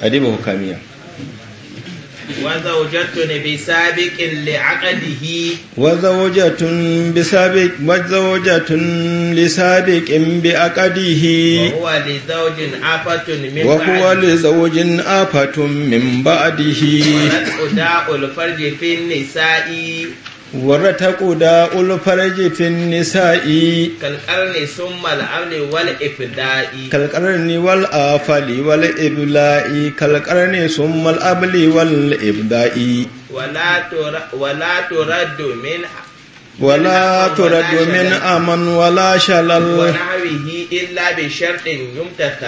hadimin hukamiya wazawajatun bi sabiqin li'aqadihi wazawajatun bi sabiqin li'aqadihi wa huwa li zawjin afatun min ba'dihi wa والرتق داء الفرج في النساء كالقرن ثم العمل والإفداء كالقرن والآفل والإبلاء كالقرن ثم الأبل والإبداء ولا ترد من ولا ترد من أمن ولا شلل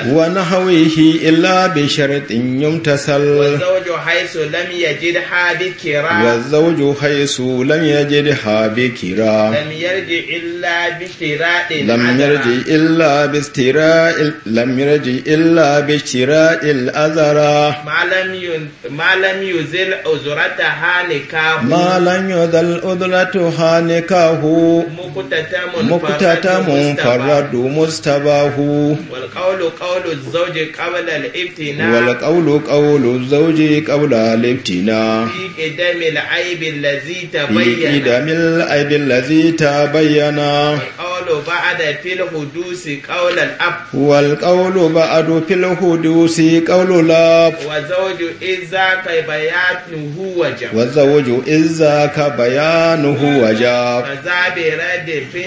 ونحوه إلا بشرط يمتثل والزوج حيث لم يجدها بكرا والزوج حيث لم يجدها بكرا لم يرجع إلا بشراء لم يرجع إلا باستراء لم يرجع إلا بشراء الأذرا ما لم ما لم يزل أذرتها نكاح ما لم يزل أذرتها نكاح nikahu kahu mun faradu mustabahu wal qawlu qawlu zauje qabla al idamil والقول بعد في الحدوث قول الأب والزوج بعد في الحدوث قول الأب إذا كبيانه وجب كذا برد في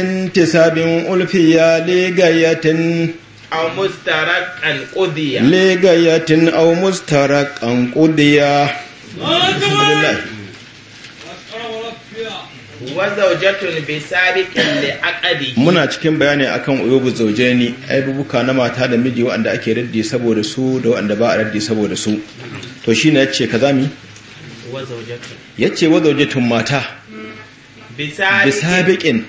انتساب ألفيا لغاية أو مسترق قضيا لغاية أو مسترق قضيا الحمد الله muna cikin bayani akan uyobu zaujeni aibubuka na mata da miji wanda ake raddi saboda su da wanda ba a raddi saboda su to shi ya yace kaza mi yace wa tun mata bisabikin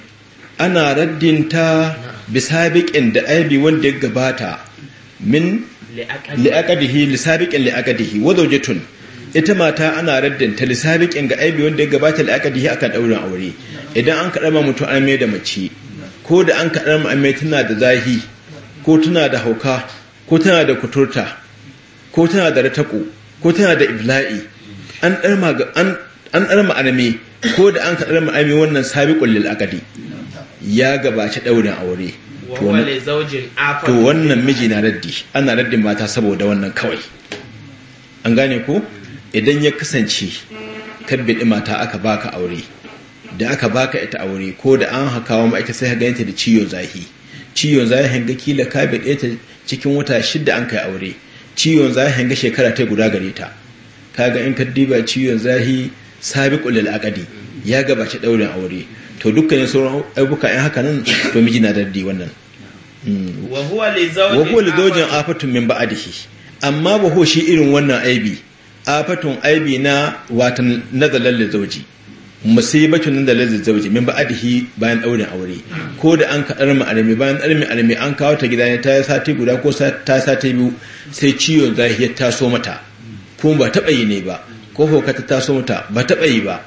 ana raddin ta bisabikin da aibi wanda ya gabata min li'akadihi lisabiqin li'aqadihi wa tun. ita mata ana raddin ta lissabiƙin ga aibi wanda ya gabata da aka la'akadihi akan ɗaurin aure idan an kaɗa ma mutum an mai da mace ko da an kaɗa ma an mai tana da zahi ko tana da hauka ko tana da kuturta ko tana da ratako ko tana da ibla'i an ɗarma arme ko da an kaɗa ma arme wannan sabiƙun lil'akadi ya gabata ɗaurin aure to wannan miji na raddi ana raddin mata saboda wannan kawai an gane ku idan ya kasance kabbi mata aka baka aure da aka baka ita aure ko da an hakawa ma ita sai ka ta da ciyo zahi ciyon zahi hanga kila ka bide ta cikin wata shida an kai aure ciyon zahi hanga shekara ta guda gare ta kaga in ka diba ciyon zahi sabiqul lil aqdi ya gabace daurin aure to dukkanin sauran abubuka in haka nan to miji na daddi wannan mm. wa huwa li zawjin afatun min ba'dihi amma ba ho shi irin wannan aibi afatun aibi na watan nazalar da zauji musibatun nan da lazar zauji min ba adihi bayan auren aure ko da an kaɗar bayan ɗarmi armi an kawo ta gida ne ta yi sati guda ko ta sati biyu sai ciwon zahiya ta so mata ko ba taɓa yi ne ba ko hauka ta so mata ba taɓa yi ba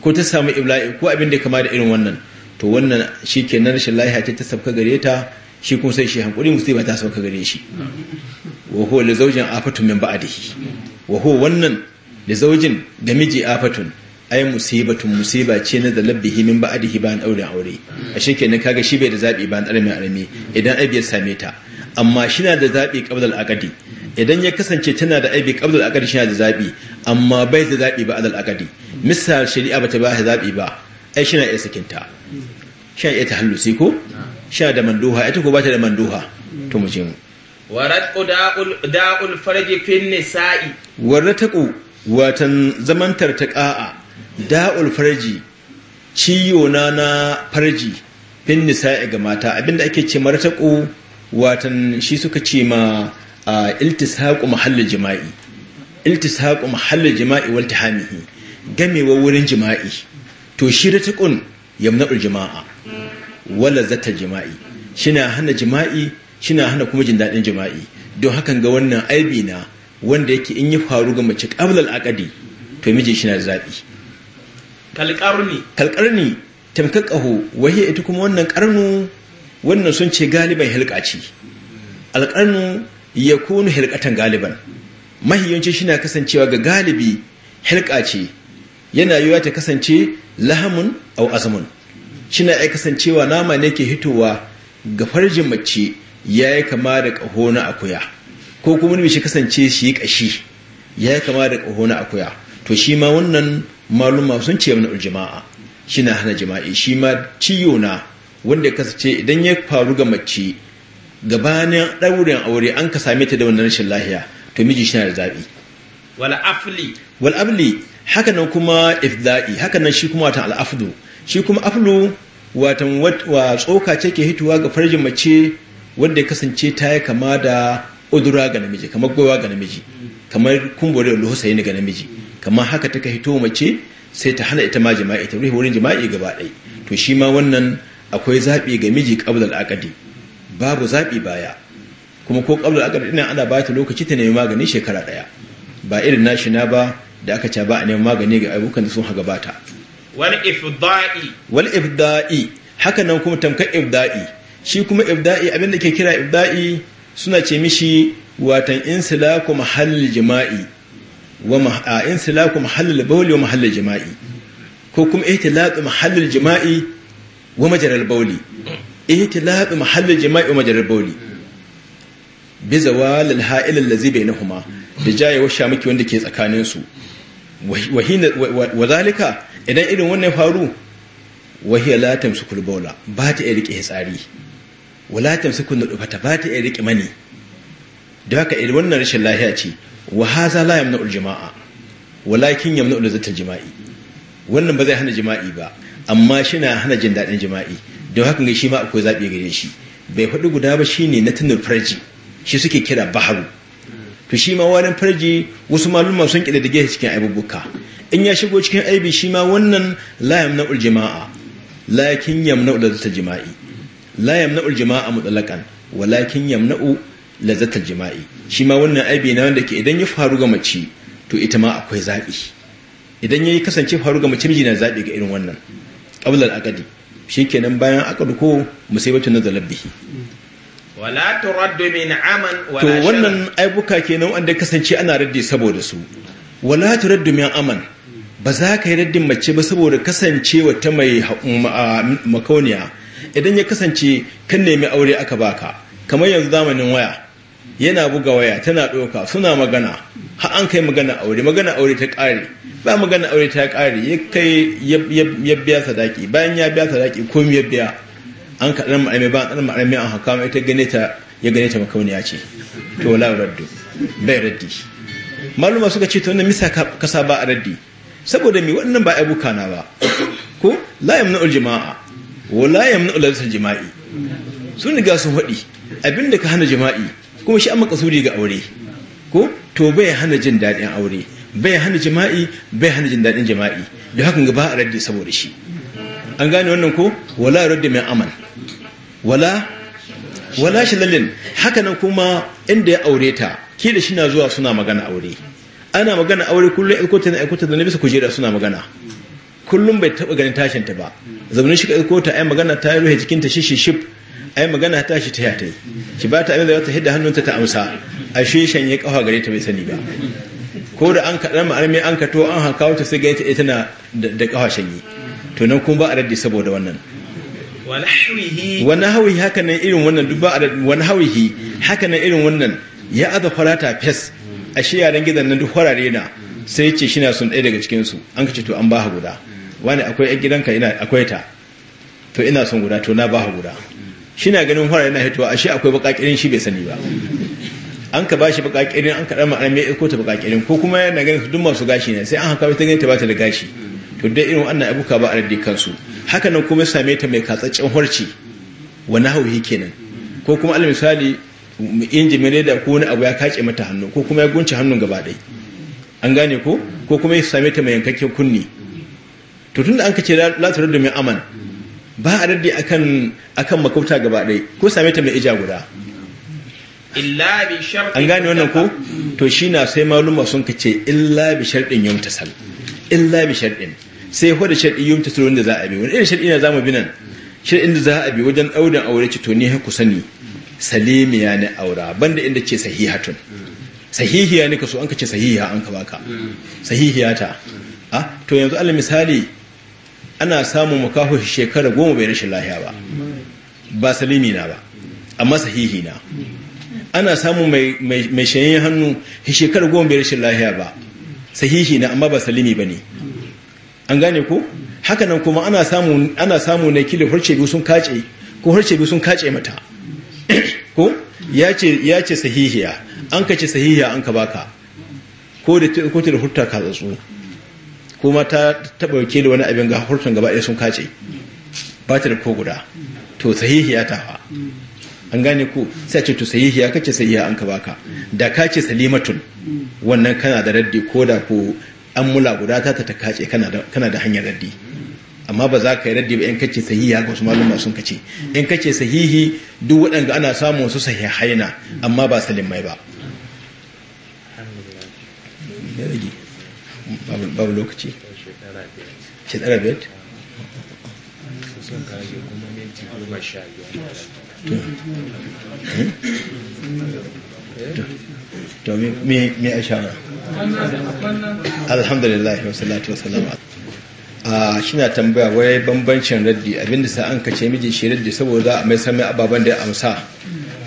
ko ta samu ibla'i ko abin da kama da irin wannan to wannan shi ke na rashin lahiya ce ta sabka gare ta shi kuma sai shi hankuri musiba ta sauka gare shi wa huwa li afatun min ba'dihi wa wannan da zaujin da miji afatun ai musibatun musiba ce na da labbihi min ba'dihi ba an aure aure a shekenan kaga shi bai da zabi ba an arme arme idan aibi ya same ta amma shi na da zabi qabla al idan ya kasance tana da aibi qabla al shi na da zabi amma bai da zabi ba adal aqdi misal shari'a bata ba zabi ba ai shi na iya sakinta shi na iya tahallusi ko sha da manduha ita ko bata da manduha to mu ce mu waratqu da'ul da'ul farji fin nisa'i waratqu watan zaman tartaqa'a da'ul farji ciyo na na farji fin nisa'i ga mata abinda ake ce maratqu watan shi suka ce ma iltisaqu mahallul jima'i iltisaqu mahallul jima'i wal tahamihi gamewa wurin jima'i to shi ratqun yamna'ul jima'a wala zata jima'i shina hana jima'i shina hana kuma jin daɗin jima'i don hakan ga wannan aibi na wanda yake in yi faru ga mace qablal aqdi to miji shina da zabi kalqarni kalqarni tamkar qahu wahi ita kuma wannan qarnu wannan sun ce galiban hilqa ce ya yakunu hilqatan galiban mahiyanci shina kasancewa ga galibi hilqa yana yiwa ta kasance lahamun au azmun shina ya kasancewa nama ne ke hitowa ga farjin mace ya yi kama da ƙaho na akuya ko kuma ne shi kasance shi yi ƙashi ya yi kama da ƙaho na akuya to shi ma wannan maluma sun ce mana jama'a shi na hana jima'i shi ma ciyo na wanda ya kasance idan ya faru ga mace gabanin ɗaurin aure an ka same ta da wannan rashin lahiya to miji shi na da zaɓi wal afli wal afli haka kuma ifda'i haka nan shi kuma watan al'afdu shi kuma aflu watan wa tsoka ce ke hituwa ga farjin mace wadda ya kasance ta yi kama da udura ga namiji kamar gowa ga namiji kamar kumbore husaini ga namiji kamar haka ta ka hito mace sai ta hana ita ma jima'i ta rufe wurin jima'i gaba ɗai to shi ma wannan akwai zaɓi ga miji ƙabla akadi babu zaɓi baya kuma ko ƙabla akadi ina ana ba ta lokaci ta nemi magani shekara ɗaya ba irin nashi na ba da aka ca ba a neman magani ga abubuwan da sun ha gabata wal ifda'i wal ifda'i haka nan kuma tamkar ibda'i shi kuma ibda'i abinda ke kira ibda'i suna ce mishi watan insilaku mahallil jima'i wa insilaku mahallil bawli wa mahallil jima'i ko kuma ihtilaqu mahallil jima'i wa majral bawli ihtilaqu mahallil jima'i wa majral bawli bi zawal al ha'il allazi bainahuma da jaye wa shamiki wanda ke tsakanin su wa zalika idan irin wannan faru wahiyar latin su kulbola ba ta iya riƙe wa walatin su kunna ta ba ta iya riƙe mani da haka irin wannan rashin lahiya ce wa haza la yamna uljima'a walakin yamna zartar jima'i wannan ba zai hana jima'i ba amma shi na hana jin daɗin jima'i don haka ga shi ma akwai zaɓi gare shi bai faɗi guda ba shi ne na tunan farji shi suke kira baharu to shi ma warin farji wasu malumma sun kida dige cikin abubuwa in ya shigo cikin aibi shi ma wannan layam na jama'a lakin yamna'u lazzatal jima'i Layam yamna'ul jama'a mutlaqan walakin yamna'u lazzatal jima'i shi ma wannan aibi na wanda ke idan ya faru ga mace to ita ma akwai zaɓi idan ya yi kasance faru ga mace miji na zaɓi ga irin wannan qabla akadi shi kenan bayan akadu ko musibatu na bihi wala turaddu min aman wala to wannan aibuka kenan wanda kasance ana raddi saboda su wala turaddu min aman ba za ka yi raddin mace ba saboda kasancewa ta mai um, makauniya idan ya kasance kan nemi aure aka baka kamar yanzu zamanin waya yana buga waya tana ɗauka suna magana har an kai magana aure magana aure ta ƙare ba magana aure ta ƙare ya kai ya biya sadaki bayan ya biya sadaki komi ya biya an kaɗa ɗan ma'aimai ba ɗan ma'aimai an haka mai ta gane ta ya gane ta makauniya ce to la raddu bai raddi Malama suka ce to wannan misa kasa ba a raddi saboda mai wannan ba abu kana ba ko la na jama'a wa la na lafsal jima'i sun riga sun haɗi abinda ka hana jima'i kuma shi an makasuri ga aure ko to bai hana jin daɗin aure bai hana jima'i bai hana jin daɗin jima'i da hakan ga ba a raddi saboda shi an gane wannan ko wala raddi mai aman wala wala shalalin haka nan kuma inda ya aure ta ke da shi na zuwa suna magana aure ana magana aure kullum ya aikota na aikota da na bisa kujera suna magana kullum bai taɓa ganin tashin ta ba Zaune shi ka aikota ai magana ta ruhe jikinta shi shi shif ai magana ta shi ta yi shi ba ta amina ta hidda hannunta ta amsa a shishan ya kafa gare ta bai sani ba ko da an kaɗa ma'armi an kato an hankawo ta sai gaita ta ita na da kafa shanye. to nan kuma ba a raddi saboda wannan wani hawihi haka nan irin wannan duk ba a raddi wani hawihi haka nan irin wannan ya aza farata fes ashe yaran gidan nan duk farare na sai ce shi na son ɗaya daga cikinsu an ka ce to an ba guda wani akwai yan gidanka ina akwai ta to ina son guda to na ba guda shi na ganin farare na hitowa ashe akwai bakakirin shi bai sani ba an ka bashi bakakirin an ka dama an mai ko ta bakakirin ko kuma yana ganin su duk masu gashi ne sai an haka ta ganin ta ba ta da gashi to dai irin wannan abuka ba a rade kansu haka nan kuma same ta mai katsaccen horci wani hauhi kenan ko kuma alal misali injimi ne da ko wani abu ya kace mata hannu ko kuma ya gunce hannun gaba ɗai an gane ko ko kuma ya same ta mai yankakken kunni to tunda an kace la turaddu min aman ba a daddi akan akan makauta gaba ɗai ko same ta mai ija guda illa bi shartin an gane wannan ko to shi na sai maluma sun kace illa bi shartin yumtasal illa bi shartin sai da shartin yumtasal wanda za a bi wani irin shartin ne za mu bi nan shartin da za a bi wajen auren aure ce to ne ku sani salimiya ne aura banda inda ce sahihatun sahihiya ne ka so an ka ce sahihiya an ka baka sahihiya ta to yanzu allah misali ana samun makaho shekara goma bai rashin lahiya ba ba salimi na ba amma sahihi na ana samun mai shayin hannu shekara goma bai rashin lahiya ba sahihi na amma ba salimi ba ne an gane ko hakanan kuma ana samu na kila harce biyu sun kace ko harce biyu sun kace mata ko ya ce sahihiya an ka ce sahihiya an ka baka ko da kotu da hurta ka tsatsu kuma ta taba yake da wani abin ga hurtun gaba ɗaya sun kace ba ta da ko guda to sahihiya ta fa an gane ku sai ce to sahihiya ce sahihiya an ka baka da ka ce salimatun wannan kana da raddi ko da ko an mula guda ta ta kace kana da hanyar raddi amma ba za ka yi raddi ba in kace sahihi haka wasu malama sun kace in kace sahihi duk waɗanda ana samun su sahihaina amma ba salimai ba babu lokaci shekara biyar to me a sha'ana alhamdulillah wasu salatu wasu a ah, shina tambaya wai bambancin raddi abinda sa an kace miji shi raddi saboda a mai sami ababen da ya amsa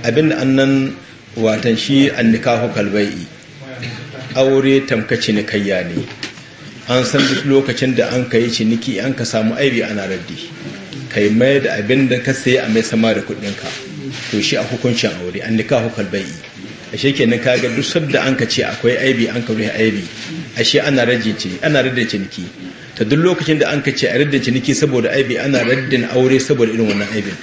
abinda annan watan shi an nikahu kalbai aure tamkaci cinikayya ne an san duk lokacin da an kai ciniki an ka samu aibi ana raddi kai mai da abin da ka sai a mai sama da kuɗinka to shi a hukuncin aure an nikahu kalbai ashe kenan kaga duk sabda an ka ce akwai aibi an ka rufe aibi ashe ana raddi ana raddi ciniki ta duk lokacin da an ka ce a raddin ciniki saboda aibi ana raddin aure saboda irin wannan aibin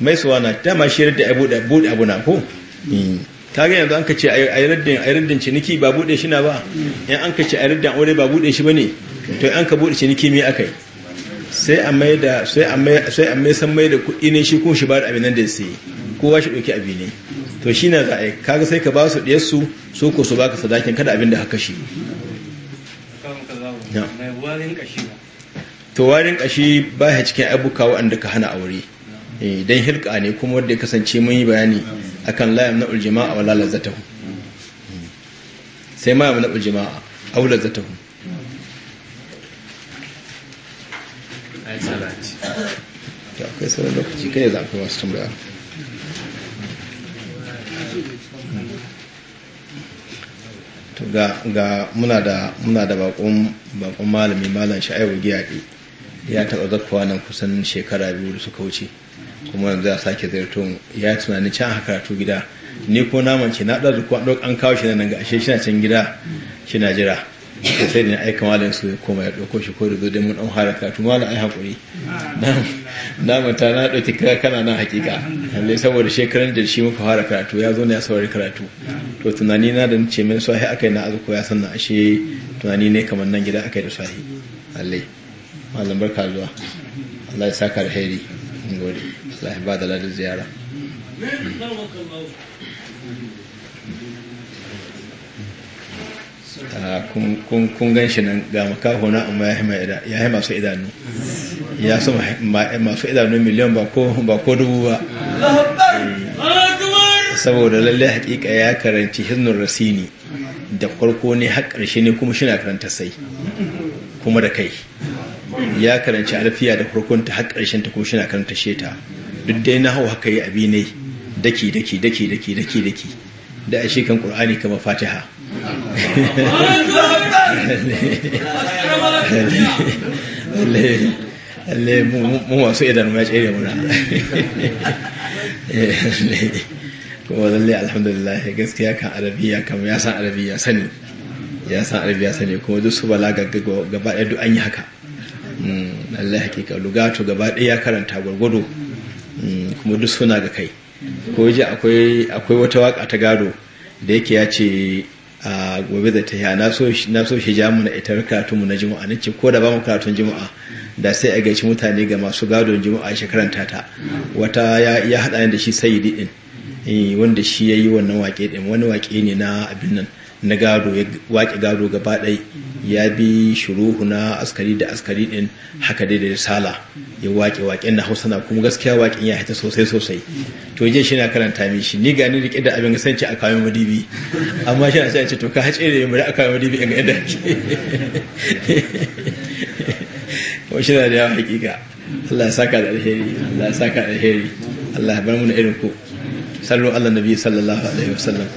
mai suwa na dama shi raddin abu da buɗe abu na ko ta hmm. ga yanzu an ka ce a raddin a raddin ciniki ba buɗe shi na ba in an ka ce a raddin aure ba buɗe shi ba ne to an ka buɗe ciniki me aka yi sai a mai da sai a mai sai a mai san mai da kuɗi ne shi kuma shi ba da abin nan da sai kowa shi ɗauki abi ne to shi na za ka ga kaga sai ka ba su ɗaya su ko su baka sadakin kada abin da haka shi to warin kashi ba ya cikin abuka waɗanda ka hana aure eh, don hirka ne kuma wanda ya kasance mun yi bayani akan layam na uljima a wala sai ma na uljima a wala ya kai sai lokaci kai za a wasu tambaya ga muna da muna da bakon bakon malami malam sha'ibu giyaɗi ya taɓa zakkuwa nan kusan shekara biyu da suka wuce kuma yanzu ya sake ziyarto ya tunani can haka karatu gida ni ko naman ce na ɗazu ko an kawo shi nan ga ashe shi na can gida shi na jira sai da na aika malam su koma ya ɗauko shi ko da zo dai mun ɗan hara karatu malam ai haƙuri na na ɗauki kira kana nan hakika lalle saboda shekaran da shi muka fara karatu ya zo ne ya saurari karatu to tunani na da ce min sahi aka yi na azuku ya sanna ashe tunani ne kamar nan gida aka yi da sahi lalle malam barka zuwa Allah ya saka da hairi in gode Allah ya bada ladar ziyara hmm. ah, kun gan shi nan ga makaho amma ya hima masu idanu ya so masu idanu miliyan ba ko dubu ba saboda lalle hakika ya karanci hiznun rasini da farko ne har ƙarshe ne kuma shi na karanta sai kuma da kai ya karanci alfiya da farkon ta har ƙarshen ta kuma shi na karanta sheta duk dai na hau haka yi abi ne daki daki daki daki daki daki da a shi kan qur'ani kama fatiha Allah lalle mu masu idan ma tsere muna eh, kuma lalle alhamdulillah gaskiya kan arabiya kam ya san arabiya sani ya san arabiya sani kuma duk su balaga gaba ɗaya duk an yi haka hmm, lalle hakika lugato gaba ɗaya ya karanta gwargwado hmm, kuma duk suna ga kai ko ji akwai wata waka ta gado da yake ya ce a gobe da ta yi na so shi ja mu na ita karatu mu na jima'a na ce ko da ba mu karatun jima'a da sai a gaishe mutane ga masu gadon a shekaran tata wata ya hada da shi sayidi din eh, wanda shi ya yi wannan wake din wani wake ne na abin nan na gado ya wake gado gaba ɗai ya bi shuruhu na askari da askari din haka dai da risala ya wake wake na hausa na kuma gaskiya waken ya hita sosai sosai to je shi na karanta mi shi ni gani rike da abin sanci a kawai madibi amma shi na a ce to ka hace da bari a kawai madibi in ga yadda shi da yawa hakika Allah ya saka da alheri Allah ya saka da alheri Allah ya bar mu irin ku sallu nabi sallallahu alaihi wasallam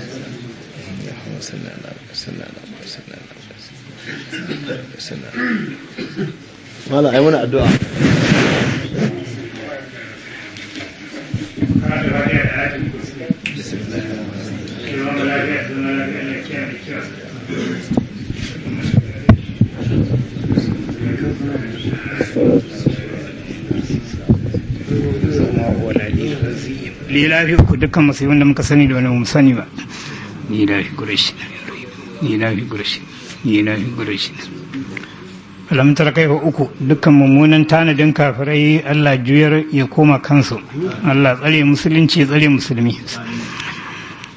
ai muna addu'a. lilafi ku dukkan musulmin wanda muka sani da wani mu sani ba lilafi quraish lilafi quraish lilafi quraish alam tara kaifa uku dukkan mummunan tanadin kafirai Allah juyar ya koma kansu Allah tsare musulunci tsare musulmi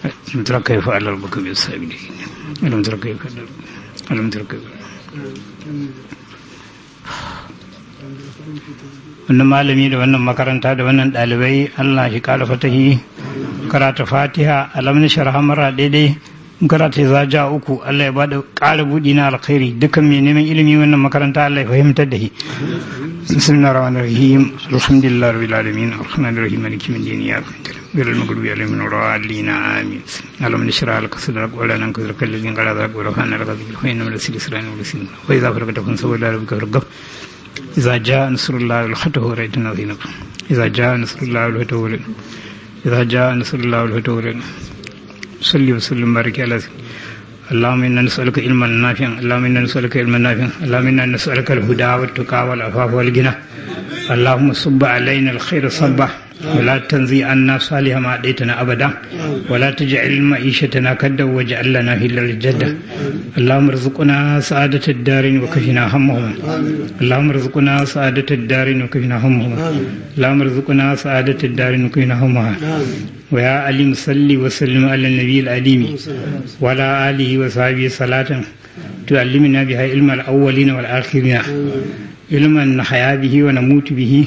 alam tara kaifa alal bukum yasabili alam tara kaifa alam tara kaifa wannan malami da wannan makaranta da wannan ɗalibai Allah shi kara fatahi karata fatiha alam na shara hamara daidai karata za ja uku Allah ya ba da ƙara buɗi na alkhairi dukkan mai neman ilimi wannan makaranta Allah ya fahimtar da shi bismillahir rahmanir rahim alhamdulillahi rabbil alamin arrahmanir rahim maliki min din ya غير المغلوب عليهم ولا الضالين امين اللهم نشرح لك صدرك ولا ننكسرك الذين قال ذاك ورفعنا لك ذكرك وانما لسير اسرائيل ولسير واذا فرقت فانصب الى ربك فارقب إذا جاء نصر الله والفتح ورأيت الناس إذا جاء نصر الله والفتح ورأيت إذا جاء نصر الله والفتح ورأيت صلي وسلم بارك على سيدنا اللهم إنا نسألك علما نافعا اللهم إنا نسألك علما نافعا اللهم إنا نسألك الهدى والتقى والعفاف والغنى اللهم صب علينا الخير صبا ولا تنزي عنا صالح ما أعطيتنا أبدا ولا تجعل معيشتنا كدا واجعل لنا هلا الجدة اللهم ارزقنا سعادة الدارين وكفنا همهم اللهم ارزقنا سعادة الدارين وكفنا همهم اللهم ارزقنا سعادة الدارين وكفنا همها ويا علي صلي وسلم على النبي العليم وعلى آله وصحبه صلاة تعلمنا بها علم الأولين والآخرين علما نحيا به ونموت به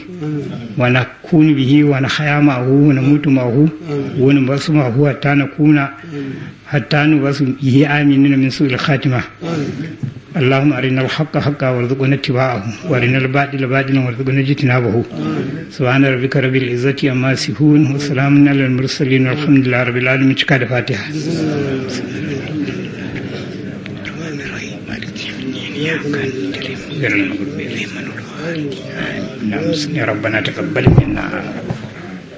ونكون به ونحيا معه ونموت معه ونبص معه حتى نكون حتى نبص به آمنين من سوء الخاتمة اللهم أرنا الحق حقا وارزقنا اتباعه وأرنا الباطل باطلا وارزقنا اجتنابه سبحان ربك رب العزة عما يصفون وسلام على المرسلين والحمد لله رب العالمين شكرا فاتحة غير المغضوب عليهم ولا الضالين نعم يا ربنا تقبل منا